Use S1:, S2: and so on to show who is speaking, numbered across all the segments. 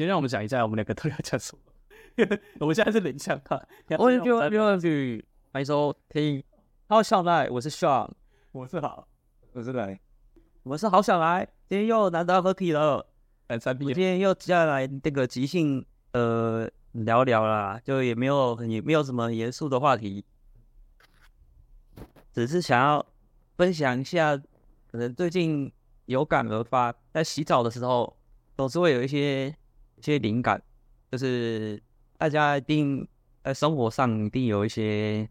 S1: 先讓我們講一下，我們兩個都要講什麼。 我們現在是冷場了。我叫劉劉宇，歡迎收聽。Hello，笑奈，我是 Sean，My soul, 我是好，
S2: 我是來，我是好想來。今天又難得合體了，很 happy。今天又接下來這個即興呃聊聊啦，就也沒有很也沒有什麼嚴肅的話題，只是想要分享一下，可能最近有感而發，在洗澡的時候總是會有一些。一些靈感，就是大家一定在生活上一定有一些，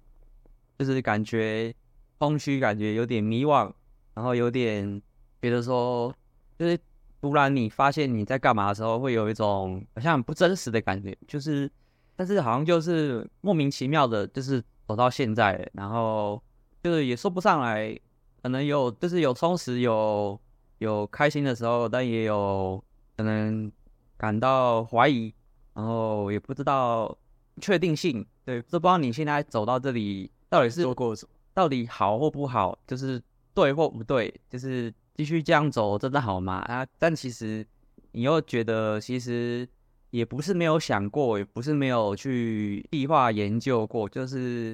S2: 就是感覺空虛，感覺有點迷惘，然後有點覺得說，就是突然你發現你在幹嘛的時候，會有一種好像不真實的感覺，就是但是好像就是莫名其妙的，就是走到現在，然後就是也說不上來，可能有就是有充實有，有有開心的時候，但也有可能。感到懷疑，然後也不知道確定性，對，都不知道你現在走到這裡到底是做過什麼，到底好或不好，就是對或不對，就是繼續這樣走真的好嗎？啊，但其實你又覺得其實也不是沒有想過，也不是沒有去計劃研究過，就是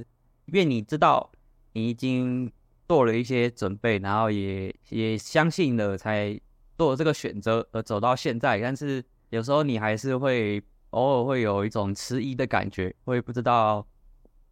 S2: 因為你知道你已經做了一些準備，然後也也相信了才做了這個選擇而走到現在，但是。有時候你還是會偶爾會有一種遲疑的感覺，會不知道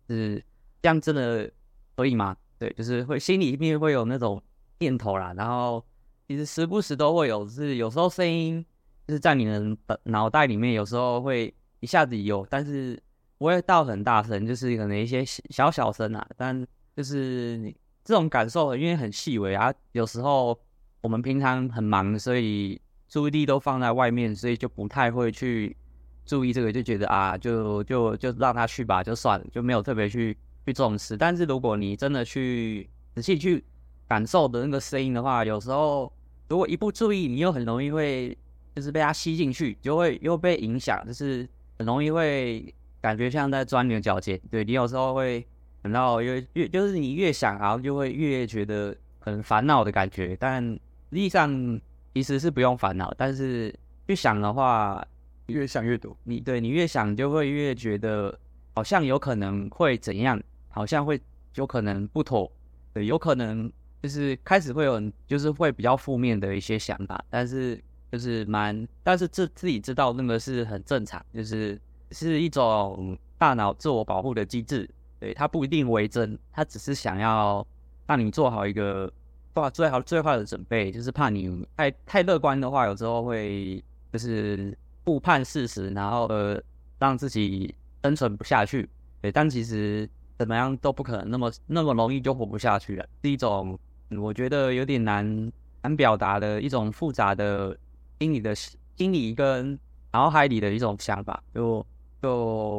S2: 是這樣真的可以嗎？對，就是會心裡面會有那種念頭啦。然後其實時不時都會有，就是有時候聲音就是在你的腦袋裡面，有時候會一下子有，但是不會到很大聲，就是可能一些小小聲啊。但就是你這種感受很，因為很細微啊，有時候我們平常很忙，所以。注意力都放在外面，所以就不太會去注意這個，就覺得啊，就就就讓他去吧，就算了，就沒有特別去去重視。但是如果你真的去仔細去感受的那個聲音的話，有時候如果一不注意，你又很容易會就是被它吸進去，就會又被影響，就是很容易會感覺像在鑽牛角尖。對，你有時候會等到越越就是你越想然後就會越覺得很煩惱的感覺，但實際上。其實是不用煩惱，但是越想的話，越想越多。你對你越想，就會越覺得好像有可能會怎樣，好像會有可能不妥，對，有可能就是開始會有，就是會比較負面的一些想法。但是就是蠻，但是自自己知道那個是很正常，就是是一種大腦自我保護的機制，對，它不一定為真，它只是想要讓你做好一個。做最好最壞的準備，就是怕你太太樂觀的話，有時候會就是誤判事實，然後呃讓自己生存不下去。對，但其實怎麼樣都不可能那麼那麼容易就活不下去了，是一種我覺得有點難難表達的一種複雜的心理的心理跟腦海裡的一種想法。就就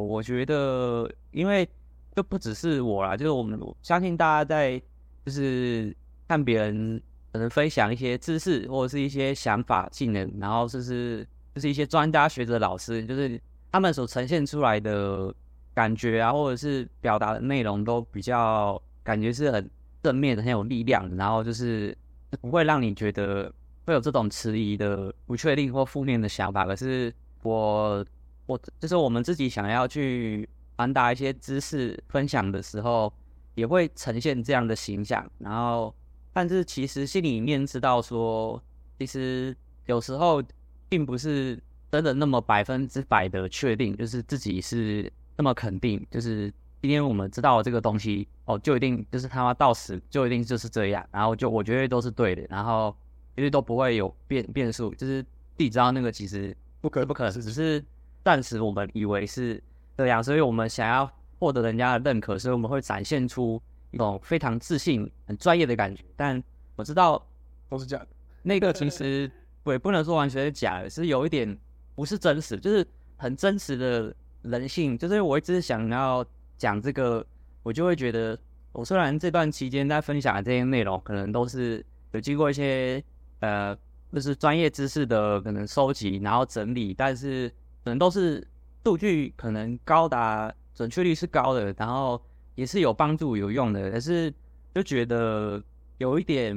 S2: 我覺得，因為就不只是我啦，就是我們相信大家在就是。看別人可能、呃、分享一些知識，或者是一些想法、技能，然後就是就是一些專家學者、老師，就是他們所呈現出來的感覺啊，或者是表達的內容都比較感覺是很正面的、很有力量，然後就是不會讓你覺得會有這種遲疑的、不確定或負面的想法。可是我我就是我們自己想要去傳達一些知識分享的時候，也會呈現這樣的形象，然後。但是其實心裡面知道說，其實有時候並不是真的那麼百分之百的確定，就是自己是那麼肯定，就是今天我們知道這個東西哦，就一定就是他到死就一定就是這樣，然後就我覺得都是對的，然後其實都不會有變變數，就是你知道那個其實不可能，不可能，只是暫時我們以為是這樣，所以我們想要獲得人家的認可，所以我們會展現出。那種非常自信、很專業的感覺，但我知道都是假的。那個其實我也不能說完全是假的，是有一點不是真實，就是很真實的人性。就是我一直想要講這個，我就會覺得，我雖然這段期間在分享的這些內容，可能都是有經過一些呃，就是專業知識的可能收集，然後整理，但是可能都是數據，可能高達準確率是高的，然後。也是有幫助有用的，可是就覺得有一點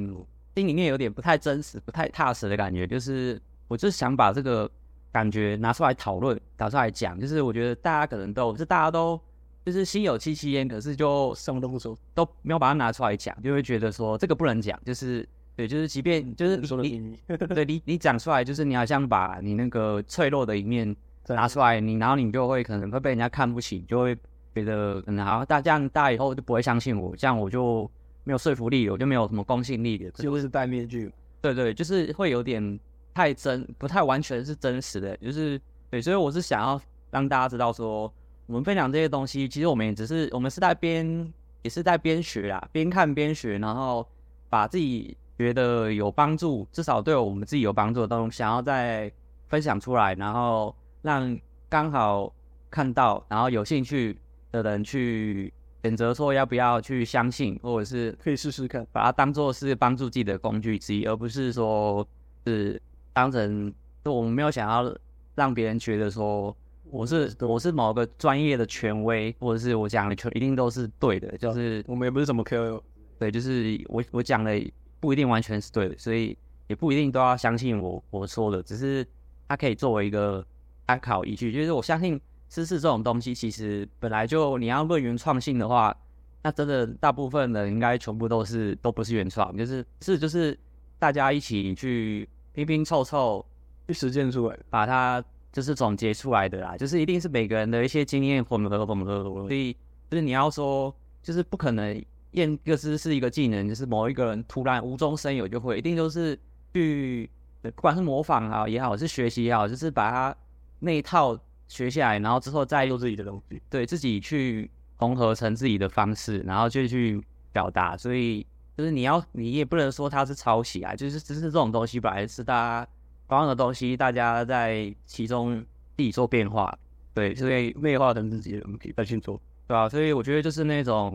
S2: 心裡面有一點不太真實、不太踏實的感覺。就是我就想把這個感覺拿出來討論，拿出來講。就是我覺得大家可能都是大家都就是心有戚戚焉，可是就什麼都不說，都沒有把它拿出來講，就會覺得說這個不能講。就是對，就是即便就是你，嗯、你說的，對你 你講出來，就是你好像把你那個脆弱的一面拿出來，對你然後你就會可能會被人家看不起，就會。覺得很好，但這樣大家以後就不會相信我，這樣我就沒有說服力，我就沒有什麼公信力的，就是戴面具，對對，就是會有點太真，不太完全是真實的，就是對，所以我是想要讓大家知道說，說我們分享這些東西，其實我們也只是我們是在邊也是在邊學啊，邊看邊學，然後把自己覺得有幫助，至少對我們自己有幫助的東西，想要再分享出來，然後讓剛好看到，然後有興趣的人去選擇說要不要去相信，或者是可以試試看，把它當做是幫助自己的工具之一，而不是說是當成就我們沒有想要讓別人覺得說我是、嗯、我是某個專業的權威，或者是我講的全，一定都是對的，就是我們也不是什麼 KOL，對，就是我我講的不一定完全是對的，所以也不一定都要相信我我說的，只是它可以作為一個參考、考依據，就是我相信。詩是，是這種東西，其實本來就你要論原創性的話，那真的大部分人應該全部都是都不是原創，就是是就是大家一起去拼拼湊湊去實踐出來，把它就是總結出來的啦，就是一定是每個人的一些經驗混合混合， 所以就是你要說就是不可能驗個詩是一個技能，就是某一個人突然無中生有就會，一定就是去不管是模仿啊也好，是學習也好，就是把它那一套。學下來，然後之後再用自己的東西，對自己去融合成自己的方式，然後就去表達。所以就是你要，你也不能說它是抄襲啊，就是只是這種東西本來是大家，同樣的東西，大家在其中自己做變化，對，所以內化成自己的我們可以再去做，對啊，所以我覺得就是那種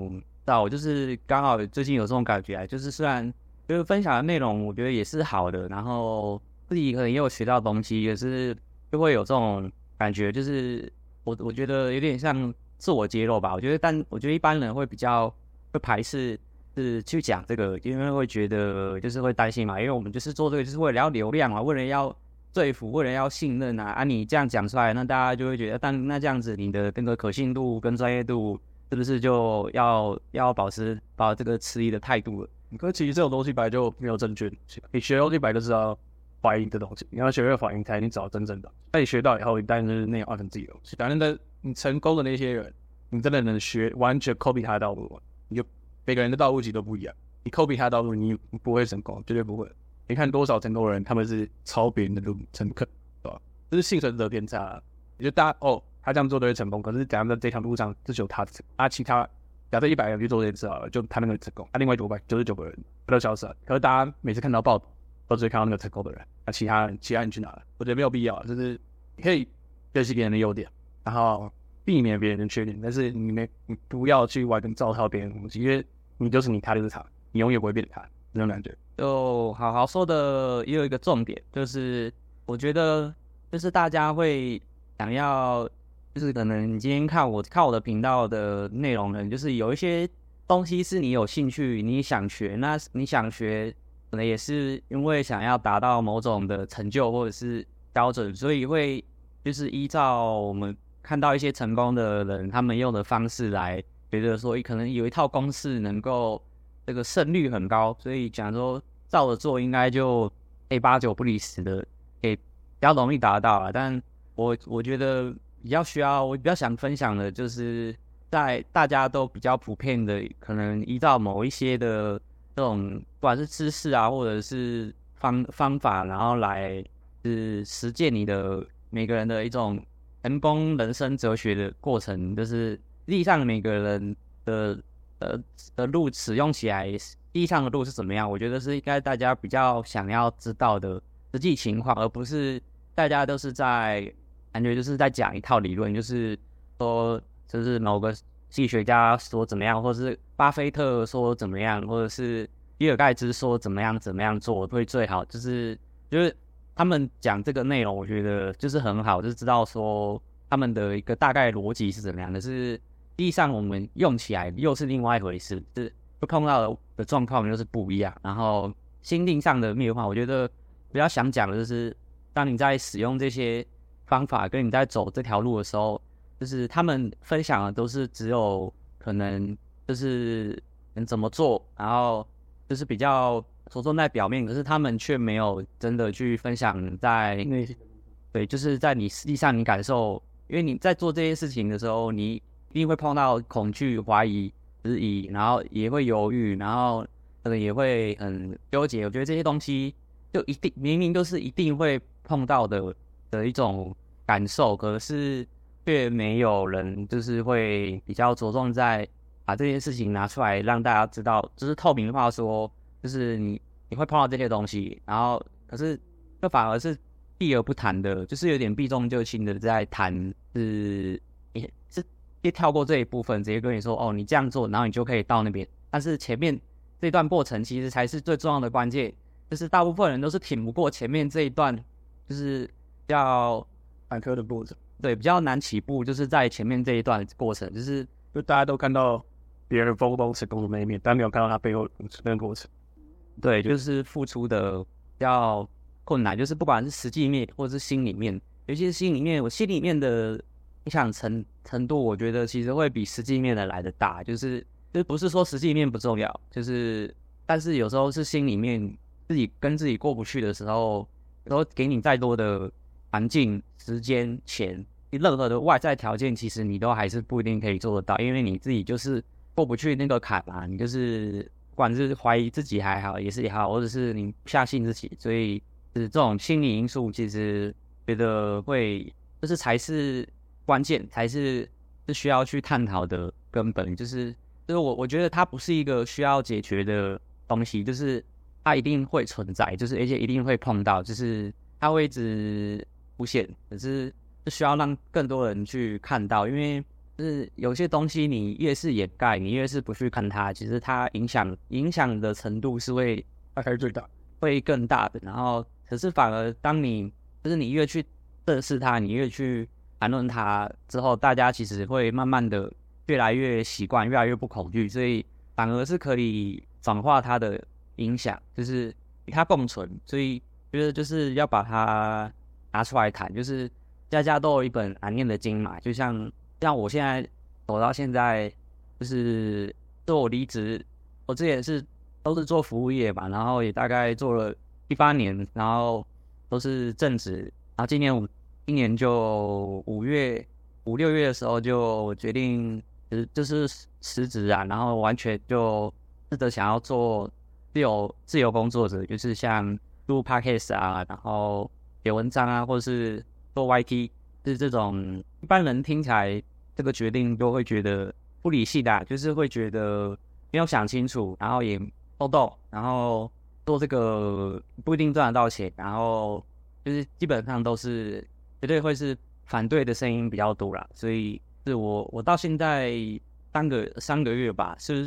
S2: 到，知道我就是剛好最近有這種感覺啊，就是雖然就是分享的內容，我覺得也是好的，然後自己可能也有學到的東西，也是就會有這種。感覺就是我，我覺得有點像自我揭露吧。我覺得，但我覺得一般人會比較會排斥，是去講這個，因為會覺得就是會擔心嘛。因為我們就是做這個，是為了要流量嘛、啊，為了要對服，為了要信任啊。啊，你這樣講出來，那大家就會覺得，但那這樣子，你的這個可信度跟專業度
S1: 是不是就要要保持保持這個質疑的態度了？可是其實這種東西本來就沒有正確，你學一白就知道。懷疑的東西，你要學會反應，才你找到真正的。在你學到以後，你當然是那二分之一的東西。反正的，你成功的那些人，你真的能學完全 copy 他的道路嗎？你就每個人的道路其實都不一樣，你 copy 他的道路，你不會成功，絕對不會。你看多少成功的人，他們是抄別人的路，乘客對吧？這是幸存者偏差。你就大家哦，他這樣做都會成功，可是在他們這條路上，就只有他成功，啊，其他假設一百個人去做這件事好了，就他那個成功，他、啊、另外九百九十九個人不知道消失了。可是大家每次看到報都只紙看到那個成功的人。那、啊、其他人，其他人去哪了？我覺得沒有必要，就是可以學習別人的優點，然後避免別人的缺點。但是你沒，你不要去完全照抄別人的東西，因爲你就是你，他就是他，你永遠不會變他那種感覺。
S2: 就好好說的，也有一個重點，就是我覺得，就是大家會想要，就是可能你今天看我看我的頻道的內容呢，就是有一些東西是你有興趣，你想學，那你想學。可能也是因為想要達到某種的成就或者是標準，所以會就是依照我們看到一些成功的人，他們用的方式來覺得說，可能有一套公式能夠這個勝率很高，所以假如說照着做，應該就誒八九不離十的，誒比較容易達到啊。但我我覺得比較需要我比較想分享的就是，在大家都比較普遍的可能依照某一些的。這種不管是知識啊，或者是方方法，然後來是實踐你的每個人的一種成功人生哲學的過程，就是地上的每個人的的的路使用起來，地上的路是怎麼樣？我覺得是應該大家比較想要知道的實際情況，而不是大家都是在感覺就是在講一套理論，就是說就是某個。經濟學家說怎麼樣，或者是巴菲特說怎麼樣，或者是比爾蓋茨說怎麼樣，怎麼樣做會最好？就是就是他們講這個內容，我覺得就是很好，就是知道說他們的一個大概邏輯是怎麼樣。可是實際上我們用起來又是另外一回事，就是碰到的狀況又是不一樣。然後心境上的變化，我覺得比較想講的就是，當你在使用這些方法，跟你在走這條路的時候。就是他們分享的都是只有可能就是能怎麼做，然後就是比較着重在表面，可是他們卻沒有真的去分享在、嗯、對，就是在你實際上你感受，因為你在做這些事情的時候，你一定會碰到恐懼、懷疑、質疑，然後也會猶豫，然後可能也會很糾結。我覺得這些東西就一定明明就是一定會碰到的的一種感受，可是。卻沒有人，就是會比較着重在把這件事情拿出來讓大家知道，就是透明的話說，就是你你會碰到這些東西，然後可是這反而是避而不談的，就是有點避重就輕的在談，是是直接跳過這一部分，直接跟你說哦，你這樣做，然後你就可以到那邊。但是前面這段過程其實才是最重要的關鍵，就是大部分人都是挺不過前面這一段，就是要
S1: 反科的步驟。對，比較難起步，就是在前面這一段過程，就是就大家都看到別人風光成功的那一面，但沒有看到他背後那個過程。
S2: 對，就是付出的比較困難，就是不管是實際面或者是心裡面，尤其是心裡面，我心裡面的影響程程度，我覺得其實會比實際面的來得大。就是這不是說實際面不重要，就是但是有時候是心裡面自己跟自己過不去的時候，然後給你再多的環境、時間、錢。任何的外在條件，其實你都還是不一定可以做得到，因為你自己就是過不去那個坎嘛。你就是不管是懷疑自己還好，也是也好，或者是你不相信自己，所以是這種心理因素，其實覺得會就是才是關鍵，才是是需要去探討的根本。就是就是我我覺得它不是一個需要解決的東西，就是它一定會存在，就是而且一定會碰到，就是它會一直出現，只是。就需要讓更多人去看到，因為就是有些東西，你越是掩蓋，你越是不去看它，其實它影響影響的程度是會大概最大，會更大的。然後，可是反而當你就是你越去測試它，你越去談論它之後，大家其實會慢慢的越來越習慣，越來越不恐懼，所以反而是可以轉化它的影響，就是與它共存。所以覺得就是要把它拿出來談，就是。家家都有一本難念的經嘛，就像像我現在走到現在，就是做我離職，我之前是都是做服務業嘛，然後也大概做了18年，然後都是正職，然後今年五今年就五月五六月的時候就決定就是辭職，就是、啊，然後完全就試着想要做自由自由工作者，就是像錄 podcast 啊，然後寫文章啊，或者是。做 YT 就是這種一般人聽起來這個決定，都會覺得不理性啦，啊,就是會覺得沒有想清楚，然後也不懂，然後做這個不一定賺得到錢，然後就是基本上都是絕對會是反對的聲音比較多啦，所以是我我到現在三個三個月吧，就是，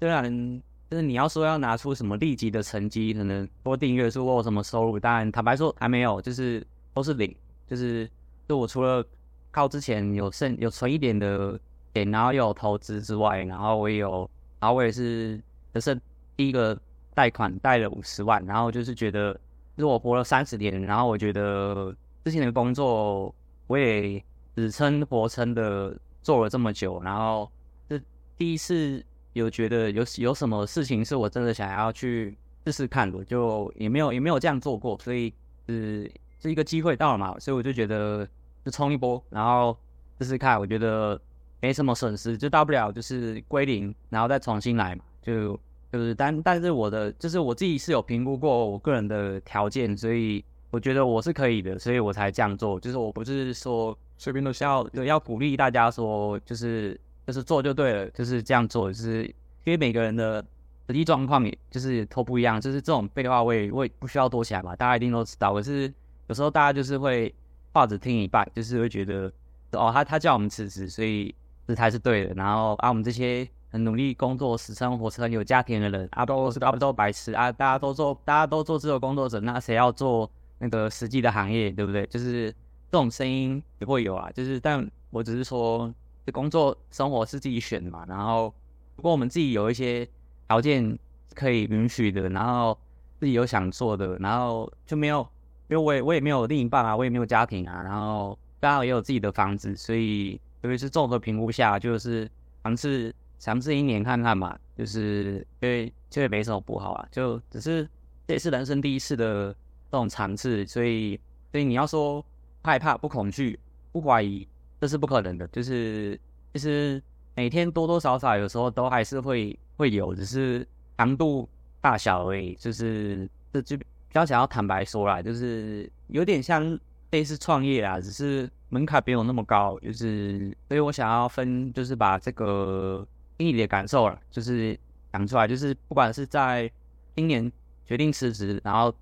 S2: 不是雖然就是你要說要拿出什麼立即的成績，可能多訂閱數我有什麼收入，當然坦白說還沒有，就是都是零。就是，就我除了靠之前有剩有存一點的點，然後又有投資之外，然後我也有，然後我也是，就是第一個貸款貸了五十萬，然後就是覺得，就是我活了三十年，然後我覺得之前的工作，我也只撐活撐的做了這麼久，然後這第一次有覺得有有什麼事情是我真的想要去試試看，我就也沒有也沒有這樣做過，所以就是。是一個機會到了嘛，所以我就覺得就衝一波，然後試試看。我覺得沒什麼損失，就大不了就是歸零，然後再重新來嘛。就就是但但是我的就是我自己是有評估過我個人的條件，所以我覺得我是可以的，所以我才這樣做。就是我不是說隨便都需要就要鼓勵大家說就是就是做就對了，就是這樣做。就是因為每個人的實際狀況也就是都不一樣，就是這種廢話我也我也不需要多講嘛，大家一定都知道。我是。有時候大家就是會抱着聽一半，就是會覺得哦，他他叫我們辭職，所以這才是對的。然後啊，我們這些很努力工作、死撐活撐、有家庭的人啊，都是大都白痴啊！大家都做大家都做自由工作者，那誰要做那個實際的行業，對不對？就是這種聲音也會有啊。就是但我只是說，這工作生活是自己選的嘛。然後如果我們自己有一些條件可以允許的，然後自己有想做的，然後就沒有。因為我也我也沒有另一半啊，我也沒有家庭啊，然後剛好也有自己的房子，所以尤其是綜合評估下，就是嘗試嘗試一年看看嘛，就是因為這也沒什麼不好啊，就只是這也是人生第一次的這種嘗試，所以所以你要說害怕、不恐懼、不懷疑，這是不可能的，就是就是每天多多少少有時候都還是會會有，只是強度大小而已，就是這就。比較想要坦白說啦，就是有點像類似創業啦，只是門檻沒有那麼高，就是所以我想要分，就是把這個經歷的感受啦，就是講出來，就是不管是在今年決定辭職，然後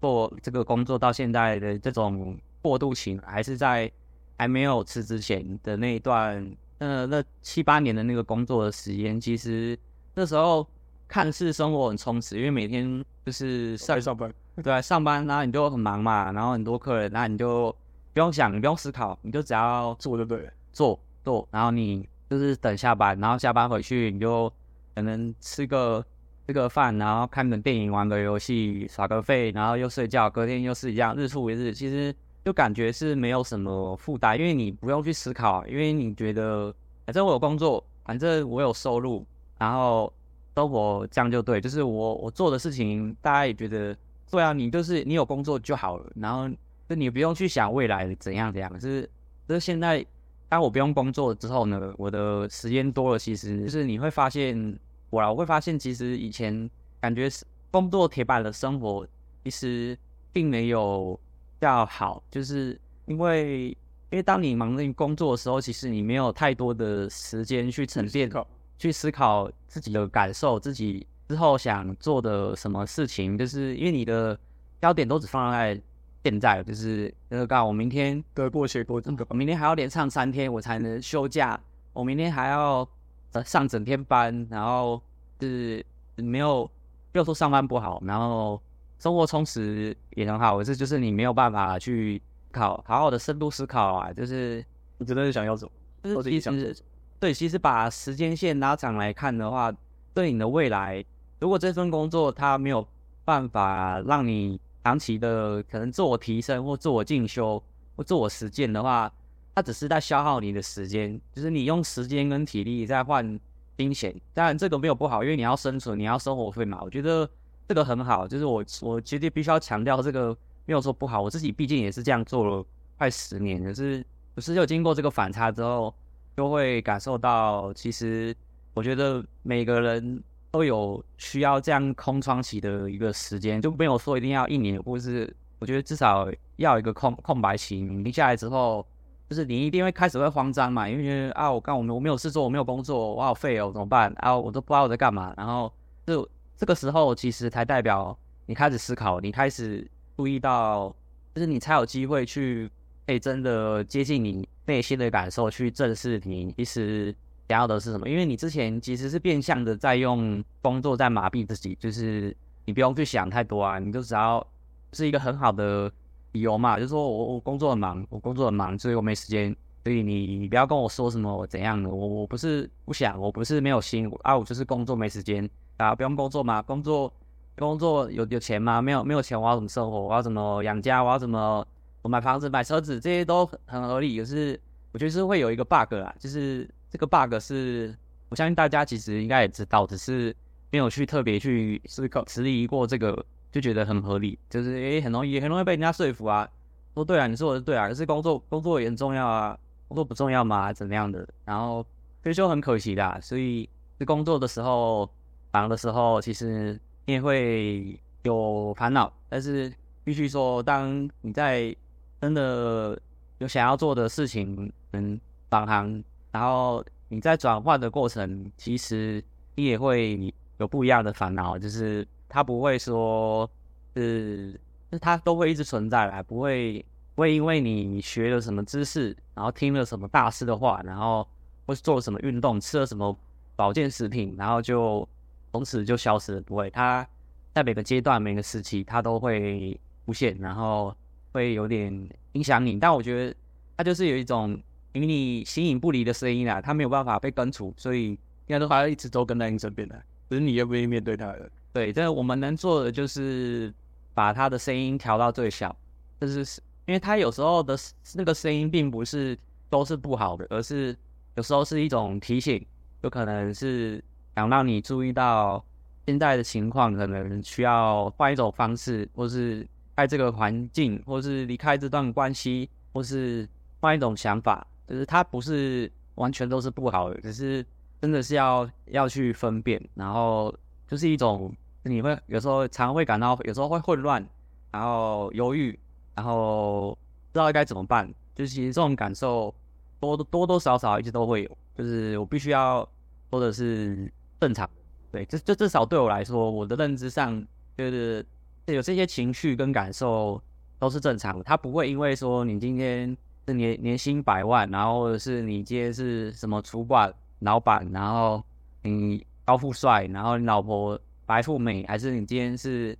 S2: 做這個工作到現在的這種過渡期，還是在還沒有辭職前的那一段，呃，那七八年的那個工作的時間，其實那時候。看似生活很充實，因為每天就是在上，okay，上班，對啊，上班然後你就很忙嘛，然後很多客人，那你就不用想，你不用思考，你就只要做，做就對，做做，然後你就是等下班，然後下班回去你就可能吃個吃個飯，然後看個電影，玩個遊戲，耍個廢，然後又睡覺，隔天又是一樣，日復一日，其實就感覺是沒有什麼負擔，因為你不用去思考，因為你覺得反正我有工作，反正我有收入，然後。生活這樣就對，就是我我做的事情，大家也覺得對啊。你就是你有工作就好了，然後就你不用去想未來怎樣怎樣。是，就是現在當我不用工作之後呢，我的時間多了，其實就是你會發現，我我會發現，其實以前感覺是工作鐵板的生活其實並沒有較好，就是因為因為當你忙著工作的時候，其實你沒有太多的時間去沉澱。嗯去思考自己的感受，自己之後想做的什麼事情，就是因為你的焦點都只放在現在，就是那個告我明天得過且過，嗯、明天還要連上三天，我才能休假，嗯、我明天還要、呃、上整天班，然後就是沒有，沒有說上班不好，然後生活充實也很好，可是就是你沒有辦法去考好好的深度思考啊，就是你真的是想要走。要麼、就是，就是一直。對，其實把時間線拉長來看的話，對你的未來，如果這份工作它沒有辦法讓你長期的可能自我提升或自我進修或自我實踐的話，它只是在消耗你的時間，就是你用時間跟體力在換金錢。當然這個沒有不好，因為你要生存，你要生活費嘛。我覺得這個很好，就是我我絕對必須要強調這個沒有說不好。我自己畢竟也是這樣做了快十年，就是不是就經過這個反差，之後。就會感受到，其實我覺得每個人都有需要這樣空窗期的一個時間，就沒有說一定要一年，或者是我覺得至少要一個空空白期。你停下來之後，就是你一定會開始會慌張嘛，因為覺得啊，我剛，剛我沒我沒有事做，我沒有工作，我好廢哦，怎麼辦？啊，我都不知道我在幹嘛。然後就這個時候其實才代表你開始思考，你開始注意到，就是你才有機會去，哎，真的接近你內心的感受，去正視你其實想要的是什麼，因為你之前其實是變相的在用工作在麻痹自己，就是你不用去想太多啊，你就只要是一個很好的理由嘛，就是說我我工作很忙，我工作很忙，所以我沒時間，所以你你不要跟我說什麼我怎樣的，我我不是不想，我不是沒有心啊，我就是工作沒時間啊，不用工作嘛，工作工作有有錢嗎？沒有沒有錢，我要怎麼生活？我要怎麼養家？我要怎麼？買房子、買車子，這些都很合理，可是我覺得是會有一個 bug 啊，就是這個 bug 是我相信大家其實應該也知道，只是沒有去特別去思考、質疑過這個，就覺得很合理，就是哎、欸，很容易、很容易被人家說服啊，說，對啊，你說的對啊。可是工作、工作也很重要啊，工作不重要嘛，怎麼樣的？然後所以說很可惜的，所以工作的時候、忙的時候其實你也會有煩惱，但是必須說，當你在真的有想要做的事情，能轉行。然後你在轉換的過程，其實你也會有不一樣的煩惱。就是它不會說，是它都會一直存在來，不會不會因為你學了什麼知識，然後聽了什麼大師的話，然後或是做了什麼運動，吃了什麼保健食品，然後就從此就消失了。不會，它在每個階段、每個時期，它都會出現。然後。會有點影響你，但我覺得他就是有一種與你形影不離的聲音啊，他沒有辦法被根除，所以應該都還一直都跟在你身邊的。只是你要不要面對他了？對，但我們能做的就是把他的聲音調到最小。就是因為他有時候的那個聲音並不是都是不好的，而是有時候是一種提醒，有可能是想讓你注意到現在的情況，可能需要換一種方式，或是。在這個環境，或是離開這段關係，或是換一種想法，就是它不是完全都是不好的，只是真的是要要去分辨，然後就是一種你會有時候常會感到有時候會混亂，然後猶豫，然後不知道該怎麼辦。就是其實這種感受多多多少少一直都會有。就是我必須要說的是正常，對，就就至少對我來說，我的認知上就是。有這些情緒跟感受都是正常的，他不會因為說你今天是年年薪百萬，然後或者是你今天是什麼主管、老板，然後你高富帥，然後你老婆白富美，還是你今天是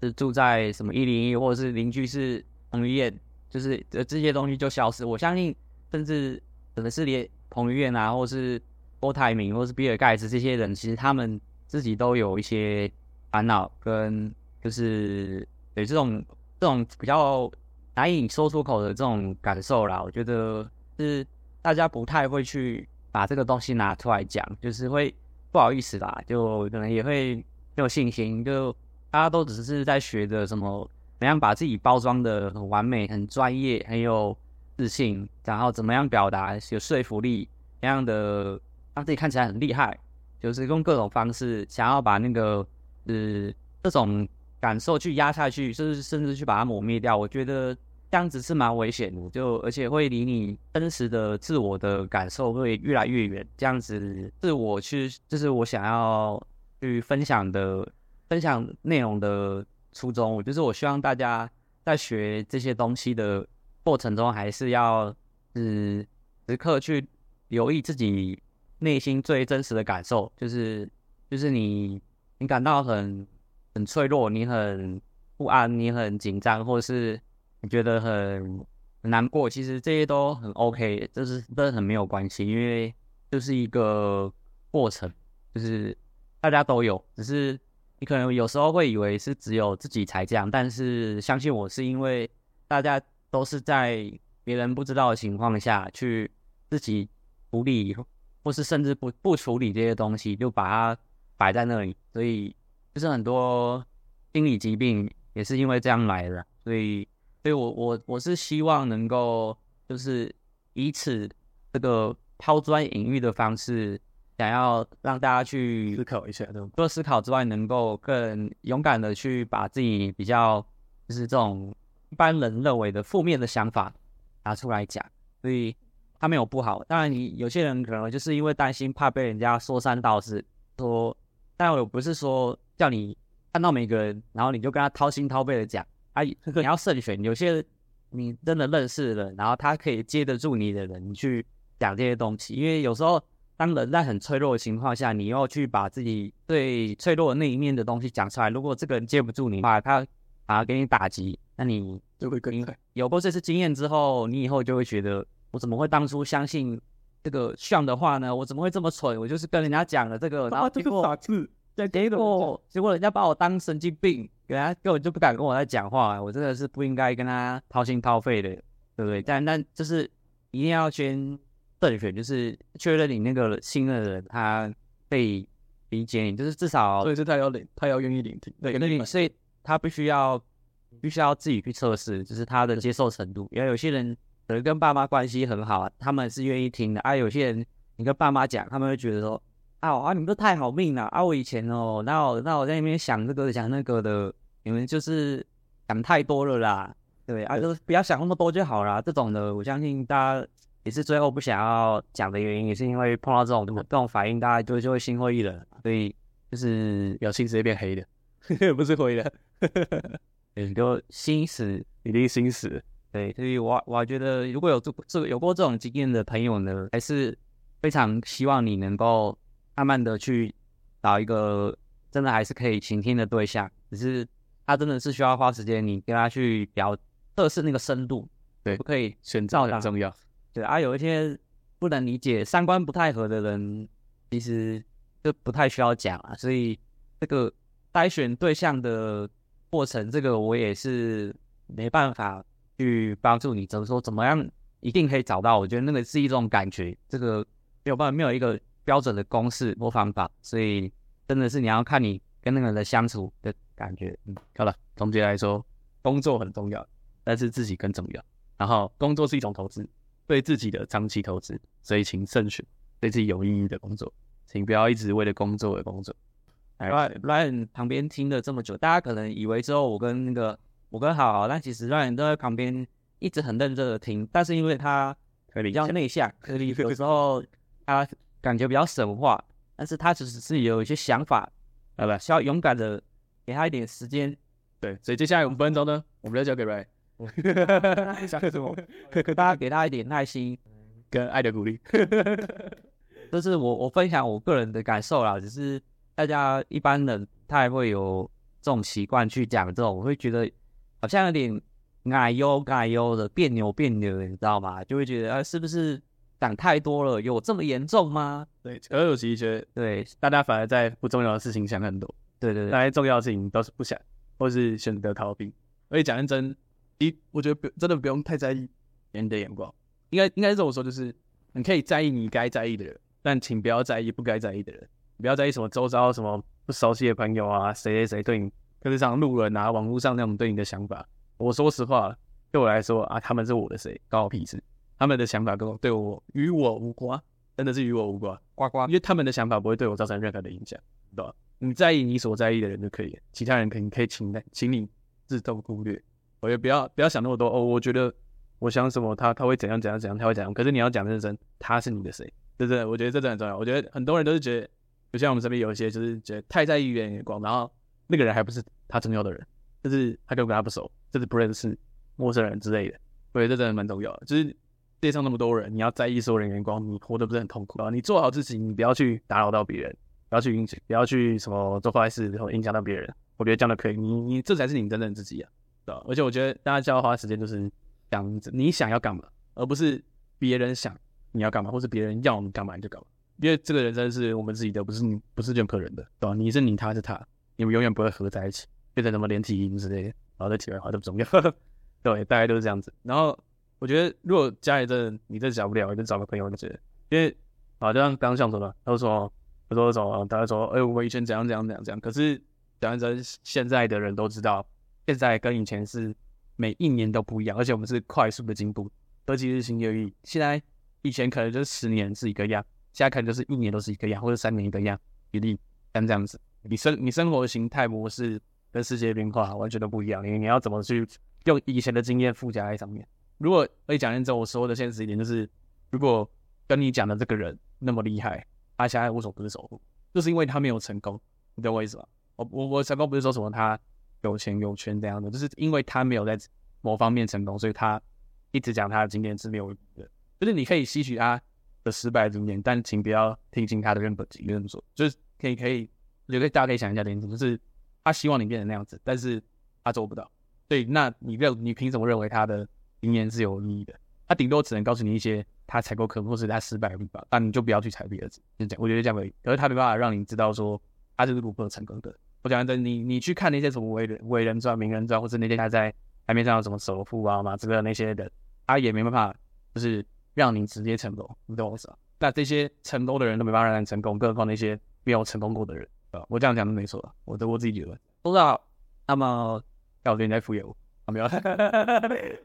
S2: 是住在什麼一零一，或者是鄰居是彭於晏，就是這些東西就消失。我相信，甚至可能是連彭於晏啊，或者是郭台銘，或者是比爾蓋茨這些人，其實他們自己都有一些煩惱跟。就是有這種這種比較難以說出口的這種感受啦，我覺得是大家不太會去把這個東西拿出來講，就是會不好意思啦，就可能也會沒有信心，就大家都只是在學着什麼，怎樣把自己包裝的很完美、很專業、很有自信，然後怎麼樣表達有說服力，這樣的讓自己看起來很厲害，就是用各種方式想要把那個，呃，這種。感受去壓下去，甚至甚至去把它磨滅掉，我覺得這樣子是蠻危險的，就而且會離你真實的自我的感受會越來越遠。這樣子是我去，就是我想要去分享的，分享內容的初衷。我就是我希望大家在學這些東西的過程中，還是要，嗯，時刻去留意自己內心最真實的感受，就是就是你你感到很。很脆弱，你很不安，你很緊張，或者是你覺得很難過，其實這些都很 OK，就是都很沒有關係，因為就是一個過程，就是大家都有，只是你可能有時候會以為是只有自己才這樣，但是相信我是因為大家都是在別人不知道的情況下去自己處理，或是甚至不不處理這些東西，就把它擺在那裡，所以。就是很多心理疾病也是因為這樣來的，所以，所以我我我是希望能夠就是以此這個拋磚引玉的方式，想要讓大家去思考一下，對吧？除了思考之外，能夠更勇敢的去把自己比較就是這種一般人認為的負面的想法拿出來講，所以他沒有不好。當然，你有些人可能就是因為擔心怕被人家說三道四，說。但我不是說叫你看到每個人，然後你就跟他掏心掏肺的講。啊，你要慎選，有些你真的認識的，然後他可以接得住你的人，你去講這些東西。因為有時候，當人在很脆弱的情況下，你要去把自己最脆弱的那一面的東西講出來。如果這個人接不住你的話，他，把他給你打擊，那你就會更難過。有過這次經驗之後，你以後就會覺得我怎麼會當初相信？這個像的話呢，我怎麼會這麼蠢？我就是跟人家講了這個，然後結果傻結果，結果，結果人家把我當神經病，人家根本就不敢跟我再講話。我真的是不應該跟他掏心掏肺的，對不對？嗯、但但就是一定要先篩選，就是確認你那個信任的人，他可以理解你，就是至少對，所以是他要領，他要願意聆聽，對，所以所以他必須要必須要自己去測試，就是他的接受程度。因為有些人。跟爸媽關係很好、啊，他們是願意聽的。啊，有些人你跟爸媽講，他們會覺得說：“啊，啊你們都太好命了啊，啊！”我以前哦、喔，那我那我在那邊想這個想那個的，你們就是想太多了啦。對啊，就是不要想那麼多就好啦、啊，嗯、這種的，我相信大家也是最後不想要講的原因，也是因為碰到這種、嗯、這種反應，
S1: 大家就就會心灰意冷，所以就是表情直接變黑的，不是灰的。呵呵呵，你就心死，一定心死。對，所以我我覺得
S2: 如果有這這有過這種經驗的朋友呢，還是非常希望你能夠慢慢的去找一個真的還是可以傾聽的對象，只是他真的是需要花時間你跟他去表測試那個深度，對，不可以選擇很重要。對，啊，有一些不能理解、三觀不太合的人，其實就不太需要講了、啊。所以這個篩選對象的過程，這個我也是沒辦法。去幫助你，怎麼說？怎麼樣一定可以找到？我覺得那個是一種感覺，這個沒有辦法，沒有一個標準的公式或方法，所以真的是你要看你跟那個人的相處的感覺。嗯，
S1: 好了，總結來說，工作很重要，但是自己更重要。然後工作是一種投資，對自己的長期投資，所以請慎選對自己有意義的工作，請不要一直為了工作而工作。來吧，Ryan 旁邊聽了這麼久，大家可能
S2: 以為之後我跟那個。我跟好，啊，但其實讓人都在旁邊一直很認真地聽，但是因為他比較內向，所 以有時候他感覺比較省話，但是他其實是有一些想法，好了，嗯，需要勇敢地給他一點時間。
S1: 對，所以接下來五分鐘呢，我們要交給瑞。 想什麼？ 大家給他一點耐心跟愛的鼓勵。這 是我我分享
S2: 我個人的感受啦，只是大家一般人他還會有這種習慣去講這種，我會覺得。好像有點矮油矮油的，彆扭彆扭的，你
S1: 知道嗎？就會覺得啊，是不是想太多了？有這麼嚴重嗎？對，而我其實覺得，對，大家反而在不重要的事情想很多，對對對，大家那些重要的事情都是不想，或是選擇逃避。對對對，而且講認真，你我覺得不真的不用太在意人的眼光，應該應該這麼說，就是你可以在意你該在意的人，但請不要在意不該在意的人，不要在意什麼周遭什麼不熟悉的朋友啊，誰誰誰對你。可是像路人啊，網絡上那種對你的想法，我說實話，對我來說啊，他們是我的誰？關我屁事！他們的想法跟我，對我與我無關，真的是與我無關，呱呱！因為他們的想法不會對我造成任何的影響，懂嗎？你在意你所在意的人就可以，其他人肯定可以請，請你自動忽略。我也不要不要想那麼多哦。我覺得我想什麼，他他會怎樣怎樣怎樣，他會怎樣、怎樣？可是你要講認真正，他是你的誰？對不對，對，對我覺得這真的很重要。我覺得很多人都是覺得，就像我們身邊有一些，就是覺得太在意別人眼光，然後。那個人還不是他重要的人，這是他跟他不熟，這是不認識陌生人之類的。我覺得這真的蠻重要的，就是世上那麼多人，你要在意所有人眼光，你活得不是很痛苦啊？你做好自己，你不要去打擾到別人，不要去影響，不要去什麼做壞事，然後影響到別人。我覺得這樣的可以，你你這才是你真正的自己啊！對，而且我覺得大家交要花時間，就是想着你想要幹嘛，而不是別人想你要幹嘛，或是別人要你幹嘛你就幹嘛，因為這個人真的是我們自己的，不是你不是任何人的，對吧？你是你，他是他。你們永遠不會合在一起，變成什麼連體嬰之類的，然後這題外話，都不重要， 對，大概都是這樣子。然後我覺得，如果家裡真的人，你真講不了，你就找個朋友就覺得，因為好像剛剛像什麼，他說，他說什麼，他說，哎、欸，我們以前怎樣怎樣怎樣怎樣，可是講真現在的人都知道，現在跟以前是每一年都不一樣，而且我們是快速的進步，科技日新月異。現在以前可能就是十年是一個樣，現在可能就是一年都是一個樣，或者三年一個樣，比例，像這，這樣子。你生你生活的形態模式跟世界變化完全都不一樣，你你要怎麼去用以前的經驗附加在上面？如果可以講完之我說的現實一點就是，如果跟你講的這個人那麼厲害，他、啊、現在無所不能守護，就是因為他沒有成功，你懂我意思嗎？我我我成功不，不是說什麼他有錢有權這樣的，就是因為他沒有在某方面成功，所以他一直講他的經驗是沒有的。就是你可以吸取他的失敗的經驗，但請不要聽信他的任何經驗說，就是可以可以。就可以，大家可以想一下點子，就是他、啊、希望你變成那樣子，但是他、啊、做不到，對，那你認你憑什麼認為他的經驗是有意義的？他、啊、頂多只能告訴你一些他踩過坑或是他失敗的地方，但、啊、你就不要去踩別人就這樣，我覺得這樣可以，可是他沒辦法讓你知道說他、啊、就是如何成功的。我講的你，你去看那些什麼偉人、偉人傳、名人傳，或者那些他在台面上有什麼首富啊、馬子這個那些人，他、啊、也沒辦法，就是讓你直接成功，你懂我意思？那這些成功的人都沒辦法讓你成功，更何況那些沒有成功過的人。我這樣講都沒錯，我都我自己覺得了。多少？那、嗯、麼，我覺得你在敷衍我，沒有？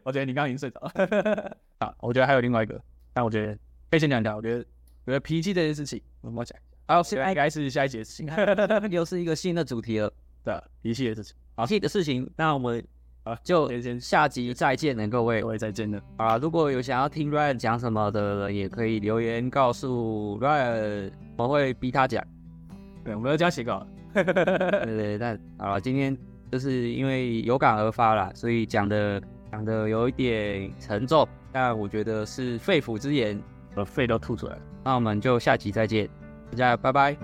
S1: 我覺得你剛剛、啊、 已經睡着了。 啊，我覺得還有另外一個，但我覺得可以先講講。我覺得，我覺得脾氣這件事情我麼講？啊，我現在應該是下一節事情，應該是的 又是一個新的主題了。對、啊，脾氣的事情，好脾氣
S2: 的事情。那我們啊，就下集再見了，各位，各位再見了。啊，如果有想要聽 Ryan 講什麼的人也可以留言告訴 Ryan，我會逼他講。我們要這樣寫稿。 對對，對，但，那好了，今天就是因為有感而發啦，所以講的講的有一點沉重，但我覺得是肺腑之言，我的肺都吐出來了。那我們就下集再見，大家拜拜。